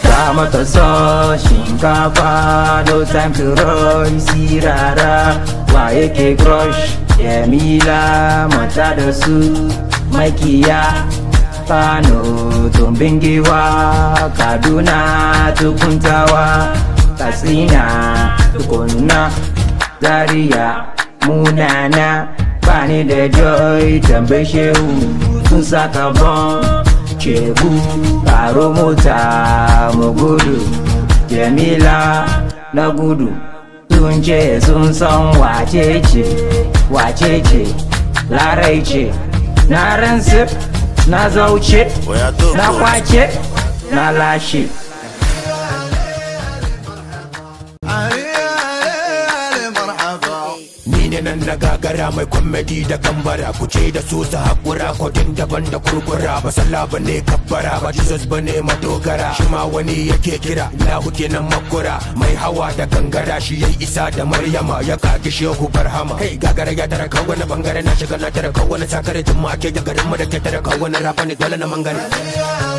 Ta mata shinkafa no time to run sirara wa yake crush yamila mata da su makiya Kano tumbin giwa Kaduna tukuntawa Katsina tukunna dariya munana bani da joy tambe shehu sun saka bon kebu karo mota mu jemila jamila na gudu sun ce sun san wacece wacece larai ce na ransif na zauce na kwace na lashe na gagara mai kwamedi da gambara ku ce da su su haƙura kwadin daban da kurkura ba sallah ba kabbara ba jesus bane ne madogara shi ma wani yake kira lahu kenan makura mai hawa da gangara shi ya isa da maryama ya kaki shehu barhama kai gagara ya tara kawo na bangare na shiga na tara kawo na sakare jama'a ke da garin mu da ke tara kawo na rafa ne dole na mangare.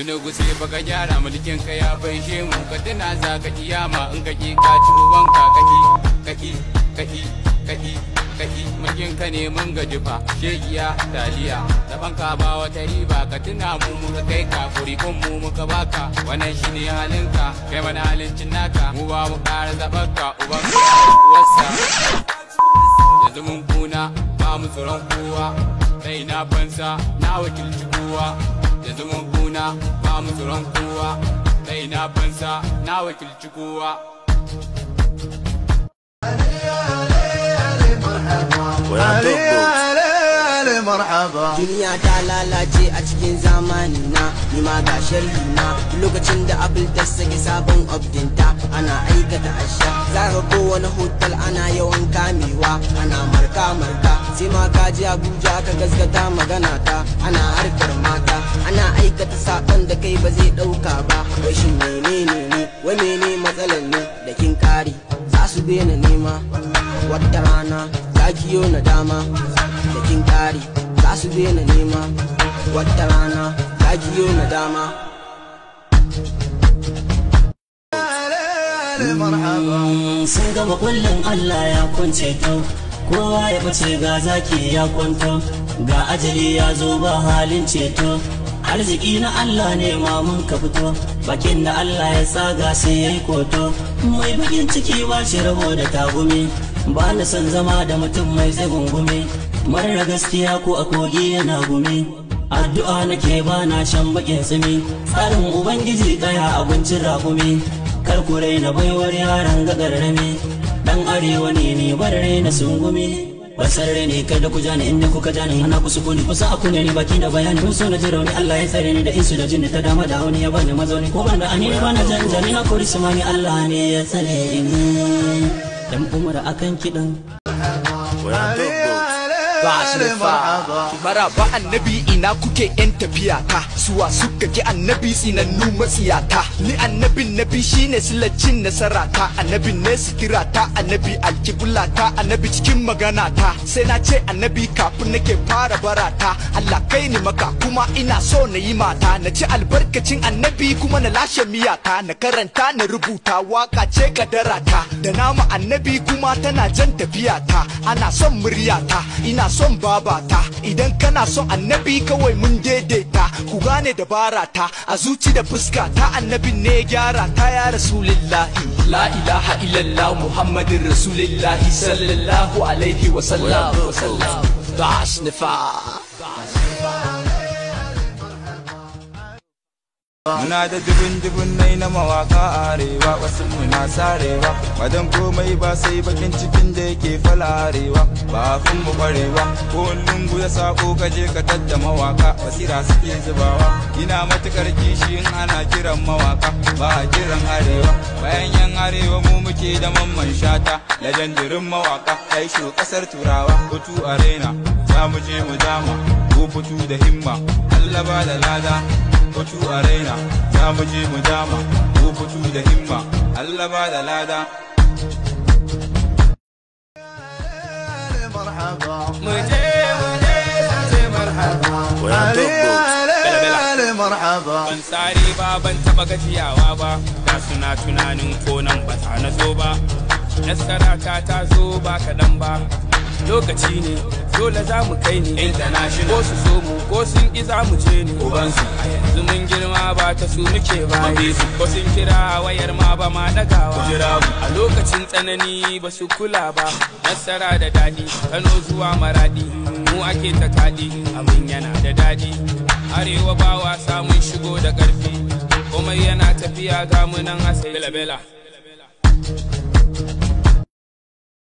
tuna gusi baka gyara mulkin ka ya baishe mu ka tuna za ka kiyama in ka ki ka ci ka kaki kaki kaki kaki kaki mulkin ka ne mun gaji fa shegiya taliya daban ka ba wata riba ka tuna mu mu ka kai ka furi kun mu mu ka baka wannan shine halin ka kai mana halin cin naka mu ba mu ƙara zaɓar ka uban wasa yanzu mun kuna ba mu tsoron kowa dai na bansa na wakilci kowa da zumun ba mu tsoron kowa kai na bansa na wakilci kowa marhaba duniya ta lalace a cikin zamani na ni ma ga sharhi na lokacin da abul ta sake sabon abdinta ana aikata asha zaka kowane hotel ana yawan kamewa ana marka marka sai ma ka ji abuja ka gaskata magana ta ana harkar mata ana aikata sakon da kai ba zai dauka nema wata rana ta jiyo mm, sun gama kullum Allah ya kunce tau kowa ya bace ga zaki ya kwanta ga ajali ya zo ba halin ceto arziki na Allah ne ma mun ka fito bakin da Allah ya tsaga sai yayi koto mai bakin ciki ba shi rabo da tagumi ba na son zama da mutum mai tsagungumi marar gaskiya ko a kogi yana gumi addu'a nake ba na shan bakin tsimi tsarin ubangiji daya abincin rakumi kar ku raina baiwar yaran gagarrami dan arewa ne ne bar raina sungumi basar ne kada ku jani inda kuka jani ana ku sukuni kusa a ne baki da bayani mun so na jira ni Allah ya tsare ni da insu da jinni ta dama da hauni ya bani mazauni ko ban da ani ba na janjani hakuri su mani Allah ne ya tsare ni dan umar akan kidan ba su nufa maraba annabi ina kuke yan tafiya ta suwa suka ki annabi tsinannu matsiyata ni annabin nabi shine silacin nasara ta annabin ne sikira ta annabi alkibula ta annabi cikin magana ta sai na ce annabi kafin nake fara barata Allah kai ni maka kuma ina so na yi mata na ci albarkacin annabi kuma na lashe miyata na karanta na rubuta waka ce kadara ta da nama annabi kuma tana jan tafiya ta ana son muryata ina son babata idan kana son annabi kawai mun daidaita ku gane dabara ta a zuci da fuska ta annabin ne gyara ta ya rasulillahi la ilaha illallah muhammadin rasulillahi sallallahu alaihi wa sallam Muna da dubin dubin nai na mawaka a arewa wasu muna sarewa ba komai ba sai bakin cikin da yake falarewa ba kun mu kwarewa ko lungu ya sako ka je ka tadda mawaka basira suke zubawa ina matukar kishi in ana kiran mawaka ba a kiran arewa bayan yan arewa mu muke da mamman shata lajandirin mawaka kai shi kasar turawa hutu arena za mu je mu dama ko fito da himma Allah ba da lada kwacu a raina za mu je mu dama ko da himma Allah ba da lada ban tsari ba ban taba gajiyawa ba ga suna tunanin ko nan ba ta na zo ba nasara ta ta zo ba kaɗan ba lokaci ne dole za mu kai ni international ko su so mu ko sun ki za mu ce ni ubansu a yanzu mun girma ba ta su muke ba ko sun kira wayar ma ba ma dagawa a lokacin tsanani ba su kula ba nasara da dadi kano zuwa maradi mu ake ta kadi amin yana da dadi arewa ba wasa mun shigo da karfi komai yana tafiya ga munan asai bela bela